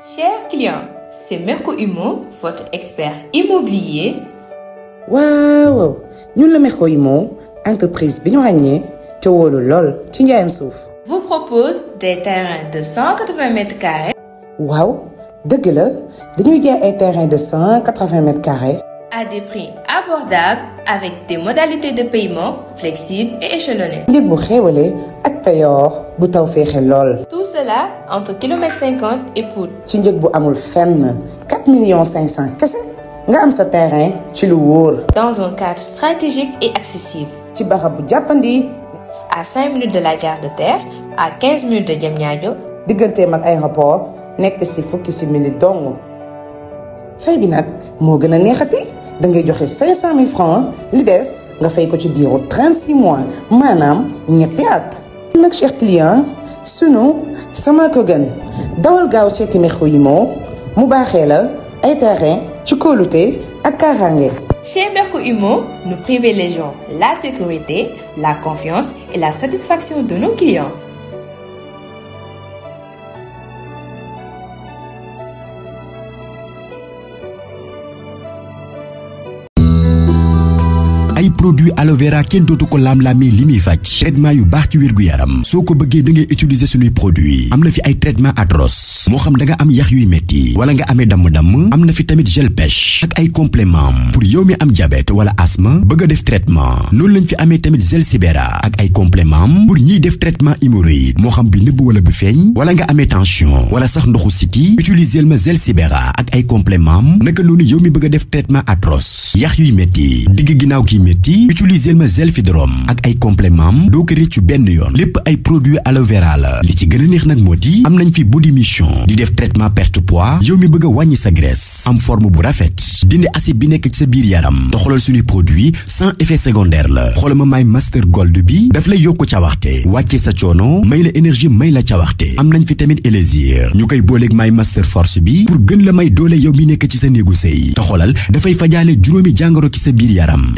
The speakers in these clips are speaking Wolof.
Chers clients, c'est Merco Immo, votre expert immobilier. waaw ñun la Merco Immo entreprise bi ñu ràññee te wóolu lool ci njaayam suuf. vous propose des terrains de mètres carrés. waaw dëgg la dañuy jaay ay terrains de 180 mètres carrés. a des prix abordables avec des modalités de paiement flexibles et échelonnées. njëg bu xéwalee ak payoor bu taw féexe lool. tout cela entre kilomètre cinquante et Pout. ci njëg bu amul fenn 4 millions 500 kese nga am sa terrain ci lu wóor. dans un cadre stratégique et accessible. ci barab bu jàppandi. à 5 minutes de la gare de Terre à 15 minutes de Diamniadio. digganteem ak aéroport nekk si fukki simili dong. fay bi nag moo gën a neexati. da ngay joxe 500000 francs li des nga fay ko ci diiru 36 mois maanaam ñetti at. nag cher client sunu sama ko gën gaaw seeti Merco-Imo mu baaxee la ay terrain ci kóolute ak kaaraange. Chez Merco-Imo, nous privilégions la sécurité, la confiance et la satisfaction de nos clients. produit aloe vera kenn dootu ko laam-laamee li muy faj traitement yu baax ci wér-gu-yaram soo ko bëggee da ngay utiliser suñuy produit am na fi ay traitement atroce moo xam da nga am yax yuy metti wala nga amee damm-damm am na fi tamit gel ay complément pour yow mi am diabète wala asthme bëgg def traitement noonu lañ fi amee tamit gel sibéra ak ay complement pour ñiy def traitement hémorroïde moo xam bi nëbb wala bu feeñ wala nga amee tension wala sax ndoxu siti utiliser ma gel sibéra ak ay complément naka noonu yow mi bëgg a def traitement atroce yax yuy metti digg ginnaaw kiy metti metti utiliser ma gel fidrom ak ay compléments doo ko rëccu benn yoon lépp ay produit aloe la li ci gën a neex nag moo di am nañ fi body mission di def traitement perte poids yow mi bëgg a wàññi sa graisse am forme bu rafet dindi acide bi nekk ci sa biir yaram te xoolal suñuy produit sans effet secondaire la xoola ma may master gold bi daf lay yokk waxte wàccee sa coono may la énergie may la ca cawaxte am nañ fi tamit élésir ñu koy booleeg may master force bi pour gën la may doole yow mi nekk ci sa néegu sëy te xoolal dafay fajaale juróomi jàngoro ci sa biir yaram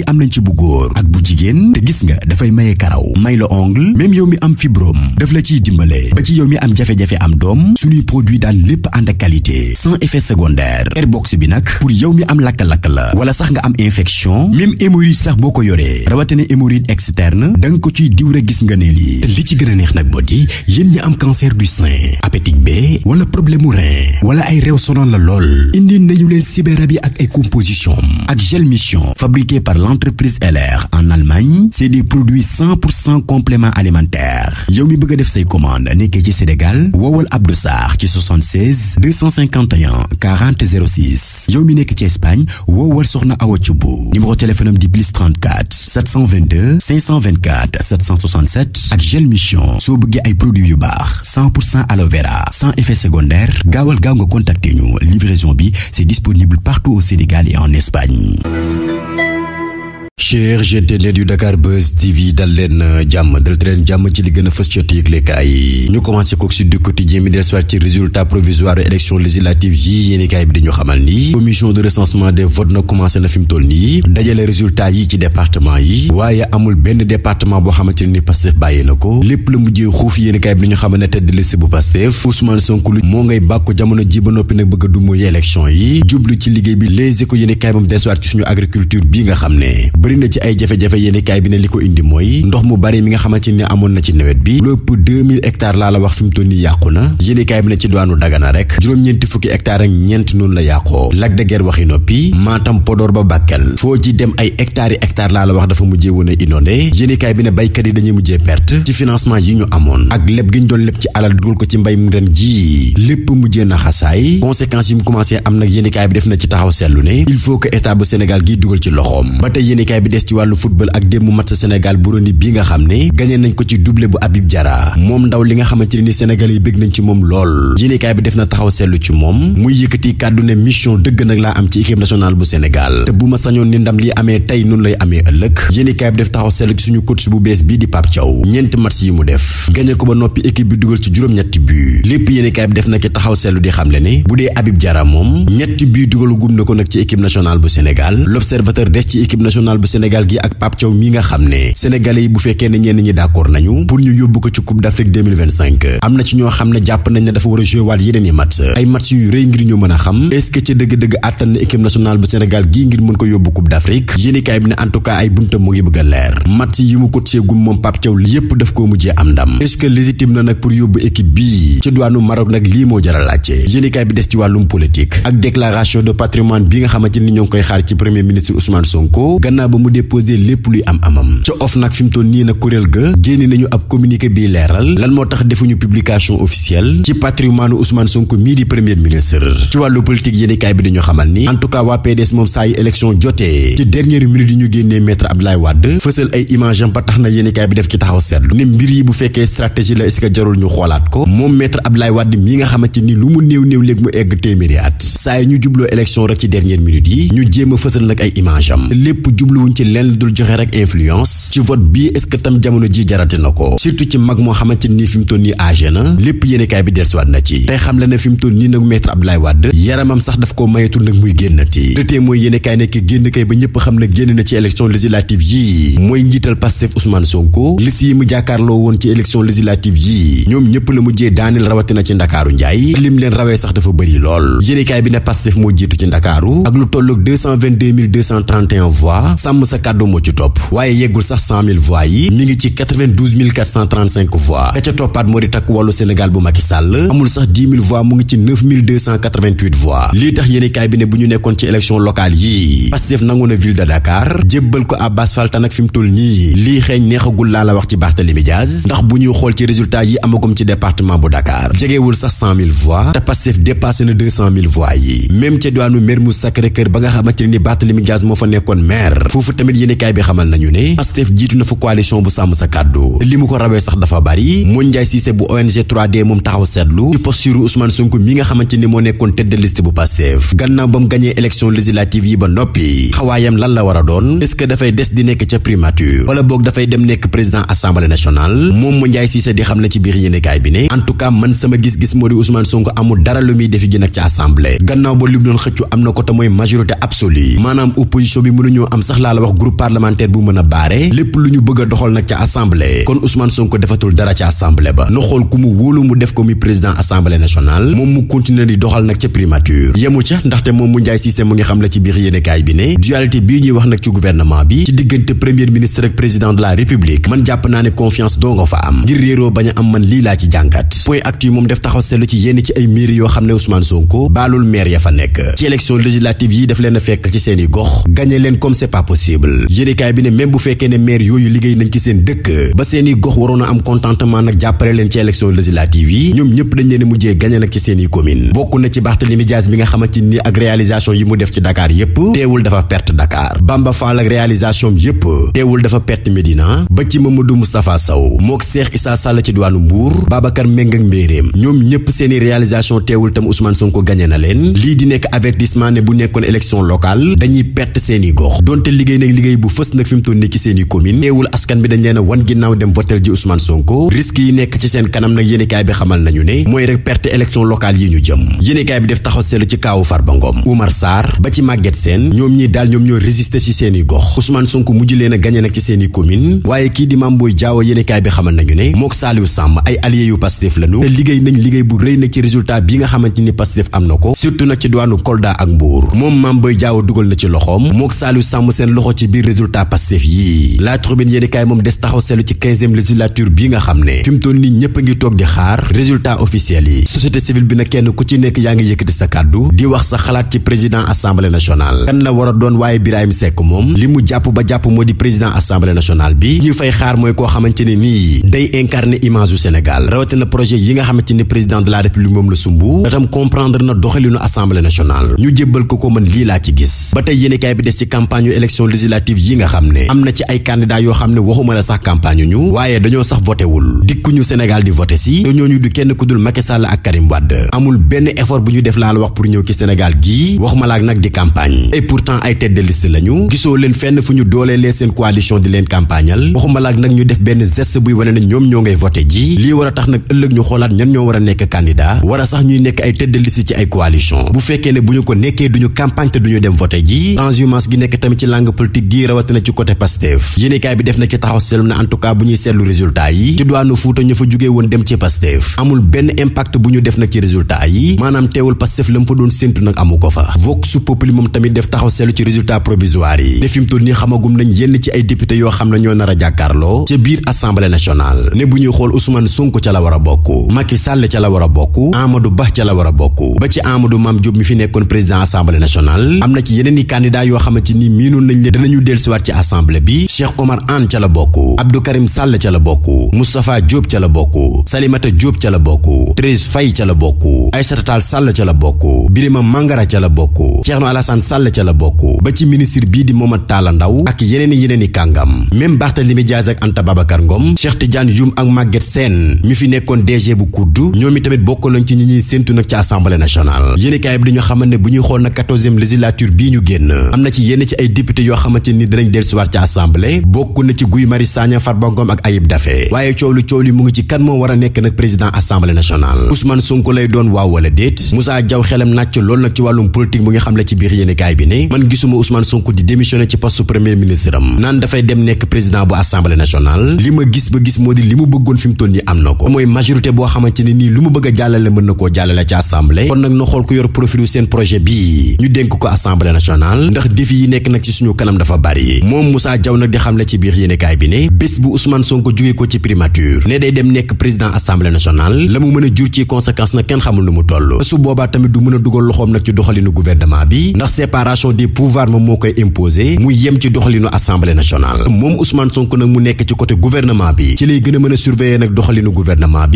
yi am nañ ci bu góor ak bu jigéen te gis nga dafay maye karaw may la ongle même yow mi am fibrome def la ciy dimbale ba ci yow mi am jafe-jafe am doom su suñuy produit daal lépp ànd ak qualité sans effet secondaire airbox bi nag pour yow mi am lakk-lakk la wala sax nga am infection même hémorroïde sax boo ko yoree rawatina hémorroïde externe da nga ko ciy diw rek gis nga ne lii te li ci gën a neex nag bot yi yéen ñi am cancer du sein appétit B wala problème mu rein wala ay réew sonoon la lool indi nañu leen sibérab yi ak ay composition ak gel l'entreprise LR en Allemagne c'est des produits 100 pour cent compléments alimentaires yow mi bëgg a def say commande nekkee ci Sénégal woowal Abdou Sarr ci 76 251 40 06 yow mi nekk ci Espagne woowal Soxna Awa Thioub numéro téléphone am di plus 34 722 524 767 ak gel mission soo bëggee ay produits yu baax 100 pour cent aloe vera sans effet secondaire gaawal gaaw nga contacter ñu livraison bi c'est disponible partout au Sénégal et en Espagne cher GTD yu Dakar Buzz TV dal leen euh, jàmm dal leen jàmm ci li gën a fës ci yëglekaay yi ñu commencé ko ci du quotidien mi dellusiwaat ci résultat provisoire élection législative yi yéenekaay bi dañu xamal ni commission de recensement des votes na commencé na fi toll nii dajale résultat yi ci département yi waaye amul benn département boo xamante ne ni Pastef bàyyee na ko lépp la mujjee xuuf yéenekaay bi dañu xamal ne tête de liste bu Pastef Ousmane Sonko a bëri na ci ay jafe-jafe yéeni bi ne li ko indi mooy ndox mu bari mi nga xamante na ci nawet bi la wax fi mu toll nii yàqu na yéeni kaay bi ne ci doonu Dagana rek juróom-ñeenti fukki hectares ak ñeent la yàqoo wax dafa mujjee woon a inondé yéeni kaay bi ne baykat yi dañuy mujjee perte ci doon leb ci alal dugal ko ci mbay mu ren ji lépp mujjee na xasaay conséquences yi mu commencé am nag yéeni kaay bi def na ci taxaw seetlu ne il faut que état bu gi dugal ci loxoom ba tey yéeni yéenekaay bi des ci wàllu football ak démb match Sénégal Burundi bi nga xam ne gagné nañ ko ci doublé bu Habib Diarra moom ndaw li nga xamante ne ni Sénégalais yi bëgg nañ ci moom lool yéenekaay bi def na taxaw seetlu ci moom muy yëkkati nag laa am ci équipe nationale bu Sénégal te bu ma sañoon ni ndam li amee tey noonu lay amee ëllëg yéenekaay bi def taxaw seetlu suñu coach bu bees bii di Pape Thiaw ñeenti match yi mu def gagné ko ba noppi équipe bi dugal ci juróom-ñetti but lépp yéenekaay bi def na ki taxaw seetlu di xamle ne bu dee Habib Diarra moom ñetti but dugalu gum na ko nag ci équipe nationale bu Sénégal l'observateur Sénégal gi ak Pape Thiaw mi nga xam ne sénégalais yi bu fekkee ne ñenn ñi d'accord nañu pour ñu yóbbu ko ci Coupe d'Afrique 2025 am na ci ñoo xam ne jàpp nañ ne dafa war a jouer waat yeneen i match ay match yu rëy ngir ñu mën a xam est-ce que ci dëgg-dëgg àttan na équipe nationale bu Sénégal gii ngir mën ko yóbbu Coupe d'Afrique yéenekaay bi ne en ay buntam mu ngi bëgg a leer match yi mu coaché gum moom Pape Thiaw yépp daf koo mujjee am ndam est-ce na nag pour ni ñoo koy xaar ci premier ministre Ousmane mu déposé lépp luy am amam ca OFNAC fi mu toll nii na kuréel ga génne nañu ab communiqué bi leeral lan moo tax defuñu publication officielle ci patrimoine Ousmane Sonko mii di premier ministre ci wàllu politique yéenekaay bi dañu xamal ni en tout cas waa PDS moom saa yu élection jotee ci dernière minute yi ñu génnee maître Abdoulaye Wade fësal ay image ba tax na yéenekaay bi def ci taxaw seetlu ne mbir yi bu fekkee stratégie la est jarul ñu xoolaat ko moom m Abdoulaye Wade mi nga xamante ni yi ñu jéem jubluwuñ ci lenn dul joxe rek influence ci vote bii est jamono ji jarati na ko surtout ci mag moo xamante nii fi mu nii âgé na lépp yéenekaay bi dellusiwaat na ci tey xam le ne fi mu toll nii nag maître Abdoulaye Wade yaramam sax daf ko mayeetul nag muy génnati te mooy yéenekaay nekk génn kay ba ñëpp xam ne génn na ci élection législative yii mooy njiital Pastef Ousmane Sonko liste yi mu jàkkaarloo woon ci élection législative yii ñoom ñëpp la mujjee daaneel rawatina ci ndakaaru njaay lim leen rawee sax dafa bëri lool yéenekaay bi ne Pastef moo jiitu ci ndakaaru ak sàmm sa kàddu moo ci topp waaye yeggul sax 100000 voix yi mi ngi ci voix ka ca toppaat moo di takk wàllu Sénégal bu Macky Sall amul sax voix mu ngi ci 9 288 voix lii tax yéenekaay bi ne bu ñu nekkoon ci élection locale yii Pastef nangu na ville de Dakar jébbal ko Abbas Fall tan ak fi mu toll nii lii xeeñ neexagul laa la wax ci Barthélémy Diaz ndax bu ñuy xool ci résultat yi amagum ci département bu Dakar jegewul sax 100 000 voix te Pastef dépassé na 200 000 voix yi même ca diwaanu foofu tamit yéenekaay bi xamal nañu ne Pastef jiitu na fa coalition bu sàmm sa kàddu li mu ko rawee sax dafa bari Moon Ndiaye Cissé bu ONG 3D moom moo nekkoon tête a di xam ne ci biir yéenekaay bi ne en tout cas man sama gis-gis moo di Ousmane Sonko amul dara lu muy defi gën ak ca assemblée gannaaw ba li mu doon xëccu am na ko te mooy majorité absolue maanaam opposition bi mënuñoo am sax la laa la wax groupe parlementaire bu mën baare lépp lu ñu bëgg doxal nag ca assemblée kon Ousmane Sonko defatul dara ca assemblée ba na ku mu wóolu mu def ko muy président assemblée nationale moom mu continuer di doxal nag ca primature yemu ca ndaxte moom mu njaay Cissé mu ngi xam la ci biir yéenekaay bi ne dualité bii ñuy wax nag ci gouvernement bi ci diggante premier ministre ak président de la république man jàpp naa ne confiance doo nga fa a possible yéenekaay bi ne même bu fekkee ne maire yooyu liggéey nañ ci seen dëkk ba seeni gox waroon a am contentement nag jàppale leen ci élection législative yi ñoom ñëpp dañ leen mujjee gañe nag ci seeni commune bokk na ci Barthélémy Dias bi nga xamante ni ak réalisation yi mu def ci Dakar yépp teewul dafa perte Dakar Bamba Fall ak réalisation yépp teewul dafa perte Médina ba ci Mamadou Moustapha Sow mook Cheikh Issa Sall ci diwaanu Mbour Babacar Mbengue ak Mbéréem ñoom ñëpp seeni réalisation teewul tam Ousmane Sonko gañe na leen lii di nekk avertissement ne bu nekkoon élection locale dañuy perte seeni gox donte liggéey nag liggéey bu fës nag fi mu toll ci seen i commune askan bi dañ leen wan ginnaaw dem votel ji Ousmane Sonko risque yi nekk ci seen kanam nag yéenekaay bi xamal nañu ne mooy rek perte élection locale yi ñu jëm yéenekaay bi def taxaw seetlu ci kaawu Farba Ngom Oumar Sarr ba ci Maguette Sène ñoom ñi daal ñoom ñoo résister ci seen i gox Ousmane Sonko mujj leen a gañe nag ci seen i commune waaye kii di Mame Boye Diao yéenekaay bi xamal nañu ne mook Saliou Samb liggéey nañ liggéey bu rëy nag ci résultat ni Pastef am na ko surtout nag ci diwaanu ak Mbour moom Mame Boye Diao dugal na ci loxoom loxo ci biir résultat Pastef yii la tribune yéeni moom des taxaw seetlu ci quinzième législature bi nga xam ne fi mu toll ñépp a ngi toog di xaar résultat officiel yi société civile bi na kenn ku ci nekk yaa ngi yëkkati sa kàddu di wax sa xalaat ci président assemblée nationale kan la war doon waaye Birahim Seck moom li mu jàpp ba jàpp moo di président assemblée nationale bi ñu fay xaar mooy koo xamante nii day incarner image du Sénégal rawatina yi nga xamante ni président de la république législative yi nga xam ne am na ci ay candidat yoo xam ne waxuma la sax campagne ñu waaye dañoo sax votewul dikkuñu Sénégal di voté si te ñooñu du kenn ku dul Macky Sall ak Karim Wade amul benn effort bu ñu def laa wax pour ñëw ci Sénégal gii wax ma laak nag di campagne et pourtant ay tête de lañu gisoo leen fenn fu ñu dooleelee seen coalition di leen campagnal waxuma laak nag ñu def benn geste buy wane ne ñoom ñoo ngay voté ji lii war a tax nag ñu xoolaat ñan ñoo war a nekk candidat war a sax ñuy nekk ay tête de liste ci ay coalition bu fekkee bu ñu ko nekkee duñu campagne te duñu dem voté ji transhumance politique gi rawatina ci côté Pastef yéenekaay bi def na ci taxaw na en bu ñuy seetlu résultat yi ci diwaanu Fuuta ñu fa jógee woon dem ci Pastef amul benn impact bu ñu def nag ci résultat yi maanaam teewul Pastef la mu fa doon séntu nag amu ko fa Vox Populi moom tamit def taxaw ci résultat provisoire yi ne fi mu toll xamagum nañ yenn ci ay député yoo xam ne ñoo nar a jàkkaarloo ca biir assemblée nationale ne bu ñuy xool Ousmane Sonko ca la war bokk Macky i candidat yoo xamante ni ñu dinañu dellusiwaat ci assemblée bi Cheikh Omar Anne ca la bokk Abdou Karim Sall ca la bokk Moustapha Diop ca la bokk Salimata Diop ca la bokk Thérèse Faye ca la bokk Aïssata Tall Sall ca la bokk Birima Mangara ca la bokk Thierno Alassane Sall ca la bokk ba ci ministre bii di Momar Talla Ndaw ak yeneen i yeneen i kàngam même Barthélémy Dias ak Anta Babacar Ngom Cheikh Tidiane Youm ak màgget seen mi fi nekkoon DG bu kudd ñoom i tamit bokk lañ ci ñi ñuy séntu nag ci assemblée nationale yéeni kaay bu ñuy xool na quatorzième législature bii ñu génn na ci yenn ci ay député yoo xamante ni dinañ dellusiwaat ci assemblée bokk na ci Guy Marius Sagna Farba Ngom ak Ayib Daffé waaye coow lu coow li mu ngi ci kan a nekk nag président assemblée nationale Ousmane Sonko lay man gisuma Ousmane Sonko di démissionné ci poste premier ministre naan dafay dem nekk président bu assemblée nationale li ma gis ba gis moo di li mu bëggoon fi mu toll nii am na ko mooy majorité boo xamante ne nii lu mu bëgg a jàllale mën na koo jàllale ci assemblée kon nag na xool ku yor profilu seen projet bii ñu dénk ko assemblée nationale ndax défi yi nekk nag ci suñu bakkanam dafa bari moom Moussa Diaw nag di xamle ci biir yéenekaay bi ne bés bu Ousmane Sonko jógee ko ci primature ne day dem nekk président assemblée nationale la mu mën a jur ci conséquence nag kenn xamul nu mu toll su boobaa tamit du mën a dugal loxoom nag ci doxalinu gouvernement bi ndax séparation des pouvoirs moom moo koy imposé mu yem ci doxalinu assemblée nationale moom Ousmane Sonko nag mu nekk ci côté gouvernement bi ci lay gën a mën a surveiller nag doxalinu gouvernement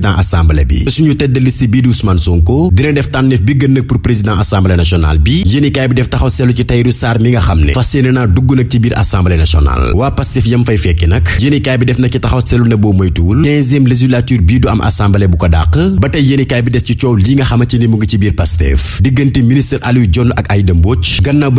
président assemblée bi te suñu tête de liste bii di Ousmane Sonko dina def tànneef bi gën nag pour président assemblée nationale bi yéenikaay bi def taxaw seetlu ci Tahirou Sarr mi nga xam ne fas yéene naa dugg nag ci biir assemblée nationale waa Pastef yam fay fekki nag yéenikaay bi def na ci taxaw seetlu ne boo moytuwul quinzième législature bii du am assemblée bu ko dàq ba tey yéenikaay bi des ci coow li nga xamante ni mu ngi ci biir Pastef diggante ministre Aliou Dione ak Aïda Mbodj gannaaw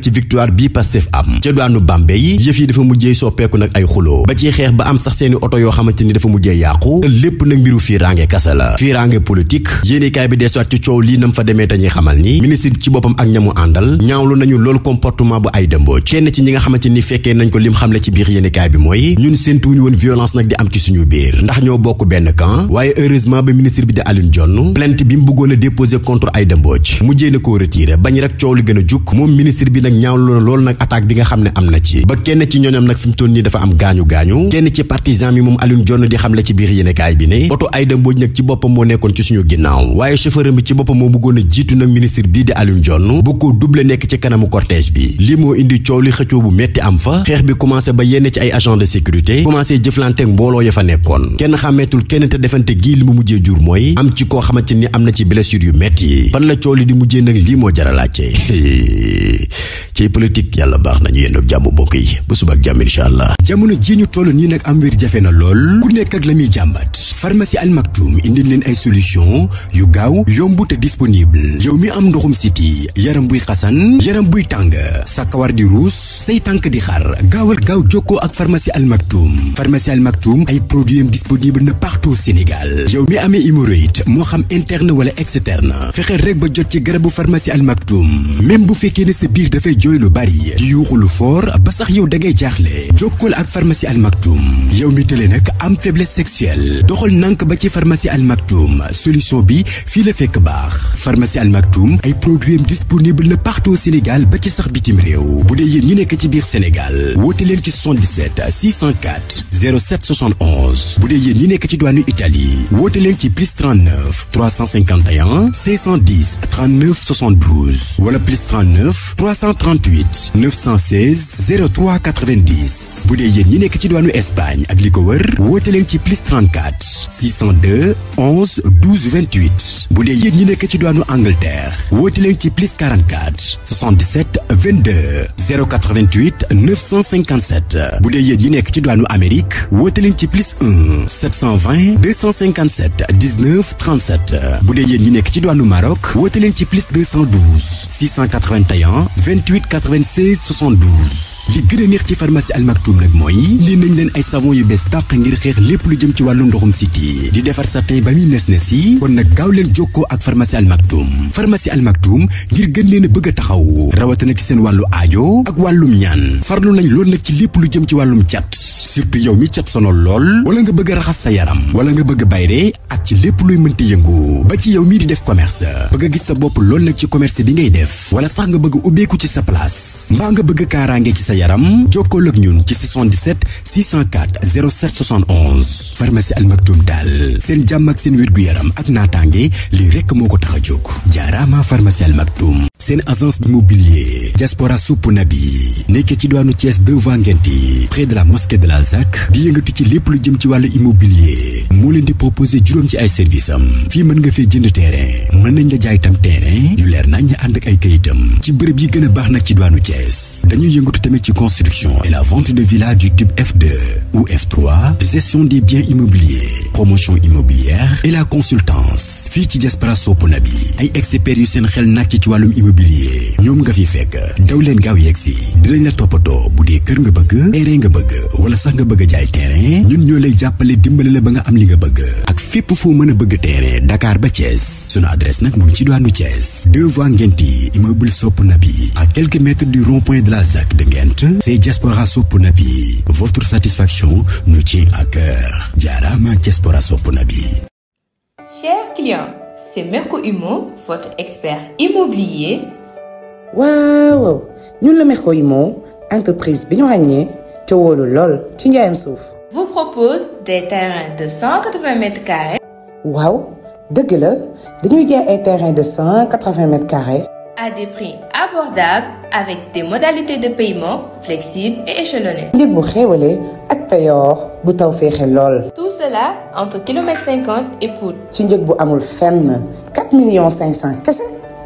ci victoire bii Pastef am ca duwaanu Bambey yëf yi ay xuloo ba ci xeex ba am sax seeni oto yoo xamante ni dafa mujjee yàqu lépp nag nag mbiru fiirange kasa la fiirange politique yéenekaay bi deesuwaat ci coow lii nam fa demee dañuy xamal ni ministre bi ci boppam ak ñamu àndal ñaawlu nañu loolu comportement bu ay dëmboo kenn ci xamante ni fekkee nañ ko am ci suñu biir ndax ñoo bokk benn camp waaye heureusement ba a déposé contre Aïda Mbodj mujjee na koo retiré a ne am na ci ba kenn ci ñooñam nag fi mu toll nii dafa am gaañu-gaañu kenn ci partisan mi moom Alioune Dione di xamle ci biir yéenekaay bi ne yi oto Aïda Mbodj nag ci boppam moo nekkoon ci suñu ginnaaw waaye chauffeur bi ci boppam moo bëggoon jiitu nag ministre bii di Alioune Dione bu ko double nekk ci kanamu cortège bi lii moo indi coow li xëccoo bu metti am fa xeex bi commencé ba yenn ci ay agent de sécurité commencé jëflanteeg mbooloo ya fa nekkoon kenn xàmmeetul kenn te defante gii li mu mujjee jur mooy am ci koo xamante ni am na ci blessure yu metti yi fan la coow li di mujjee nag lii moo jar ci politique yàlla baax nañu yenn ak jàmm yi ba suba ak jàmm allah jamono ji ñu toll nii nag am wér jafe na lool ku nekk la muy jàmbat pharmacie Al Maktoum indi leen ay solution yu gaaw yomb te disponible yow mi am ndoxum siti yaram buy xasan yaram buy tàng sa kawar di ruus say tànk di xar gaawal gaaw jokkoo ak pharmacie Al Maktoum pharmacie Al Maktoum ay produit am disponible na partout Sénégal yow mi amee hémorroïde moo xam interne wala externe fexeel rek ba jot ci garabu pharmacie Al Maktoum même bu fekkee ne sa biir dafay jooy lu bari di yuuxu lu foor ba sax yow da ngay jaaxle jokkool ak pharmacie Al Maktoum yow mi tële nag am doxal nank ba ci pharmacie Al Maktoum solution bi fii la fekk baax pharmacie Al Maktoum ay produits disponible na partout au Sénégal ba ci sax bitim réew bu dee yéen ñi nekk ci biir Sénégal woote leen ci 77 604 07 71 bu dee yéen ñi nekk ci douane Italie woote leen ci plus 39 351 610 39 72 wala plus 39 338 916 03 90 bu dee yéen ñi nekk ci douane Espagne ak li ko wër woote ci plus 34 602 11 12 28 bu dee yéen ñi nekk ci diwaanu Angleterre woote leen ci plus 44 77 22 088 957 bu dee yéen ñi nekk ci diwaanu Amérique woote leen ci plus 1 720 257 19 37 bu dee yéen ñi nekk ci diwaanu Maroc woote leen ci plus 212 681 28 96 72. li gën a neex ci pharmacie Al Maktoum nag mooy nee nañ leen ay savon yu bees tàq ngir xeex lépp lu jëm ci wàllu ndoxum si City di defar sa sapin ba muy nes nes yi kon nag gaaw leen jokkoo ak pharmacie Al Maktoum pharmacie Al Maktoum ngir gën leen a bëgg a taxaw rawatina ci seen wàllu aajo ak wàllum ñaan farlu nañ lool nag ci lépp lu jëm ci wàllum cat surtout yow mi cat sono lool wala nga bëgg raxas sa yaram wala nga bëgg a bayre ak ci lépp luy mënti yëngu ba ci yow mii di def commerce bëgg a gis sa bopp lool nag ci commerce bi ngay def wala sax nga bëgg ubbeeku ci sa place mbaa nga bëgg kaaraange ci sa yaram jokkool ak ñun ci 77 604 07 71 pharmacie Al Maktoum mbirum seen jàmm ak seen wér-gu-yaram ak naataange lii rekk moo ko tax a jóg jaaraama pharmacie Al Maktoum seen agence immobilier diaspora suppuna bi nekkee ci doonu Thiès devant yi près de la mosquée de la ZAC di yëngatu ci lépp lu jëm ci wàllu immobilier moo leen di proposer juróom ci ay service am fii mën nga fee jënd terrain mën nañ la jaay tam terrain yu leer nañ ànd ak ay kayitam ci bërëb yi gën a baax nag ci doonu Thiès dañuy yëngatu tamit ci construction et la vente de villas du F2 ou F3 gestion promotion immobilière et la consultance fii ci Diaspora Soppona bi ay experts yu seen xel nàcc ci wàllum immobilier ñoom nga fi fekk daw leen gaaw yegg si dinañ la toppatoo bu dee kër nga bëgg terrain nga bëgg wala sax nga bëgg a jaay terrain ñun ñoo lay jàppale dimbale la ba nga am li nga bëgg ak fépp foo mën a bëgg terrain Dakar ba Thiès sunu adresse nag mu ngi ci doonu Thiès deux voies Ngenti immeuble Soppona bi à quelques mètres du rond-point de la ZAC de Ngent c'est diaspora sopp na bi cher client c'est Merco Immo votre expert immobilier waaw waaw ñun la Merco Immo entreprise bi ñu ràññee te wóolu lool ci njaayam suuf vous propose des terrains de mètres carrés waaw dëgg la dañuy jaay ay terrains de 180 mètres carrés à des prix abordables avec des modalités de paiement flexibles et échelonnées. njëg bu xéwalee ak payoor bu taw féexee lool. tout cela entre kilomètre cinquante et Pout. ci njëg bu amul fenn 4 millions 500 kese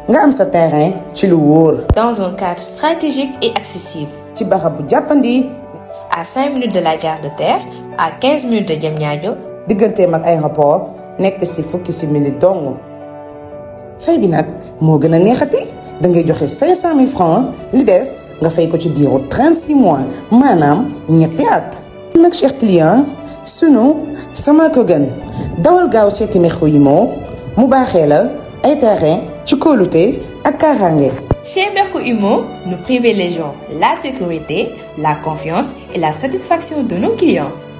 nga am sa terrain ci lu wóor. dans un cadre stratégique et accessible. ci barab bu jàppandi. à 5 minutes de la gare de terre à 15 minutes de Diamniadio. digganteem ak aéroport nekk si fukki simili dong. fay bi nag moo gën a neexati. da ngay joxe 500000 francs li des nga fay ko ci diiru 36 mois maanaam ñetti at. nag cher client sunu sama ko gën gaaw seeti Merco-Imo mu baaxee la ay terrain ci kóolute ak kaaraange. Chez Merco-Imo, nous privilégions la sécurité, la confiance et la satisfaction de nos clients.